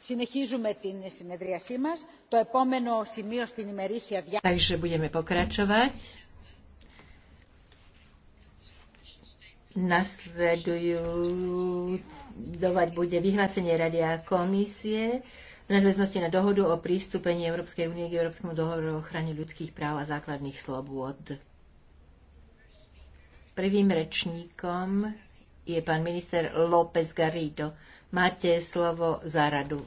Takže budeme pokračovať. Nasledujúcovať bude vyhlásenie Rady a komisie v nadväznosti na dohodu o prístupení Európskej únie k Európskemu dohodu o ochrane ľudských práv a základných slobôd. Prvým rečníkom je pán minister López Garrido. Máte slovo za radu.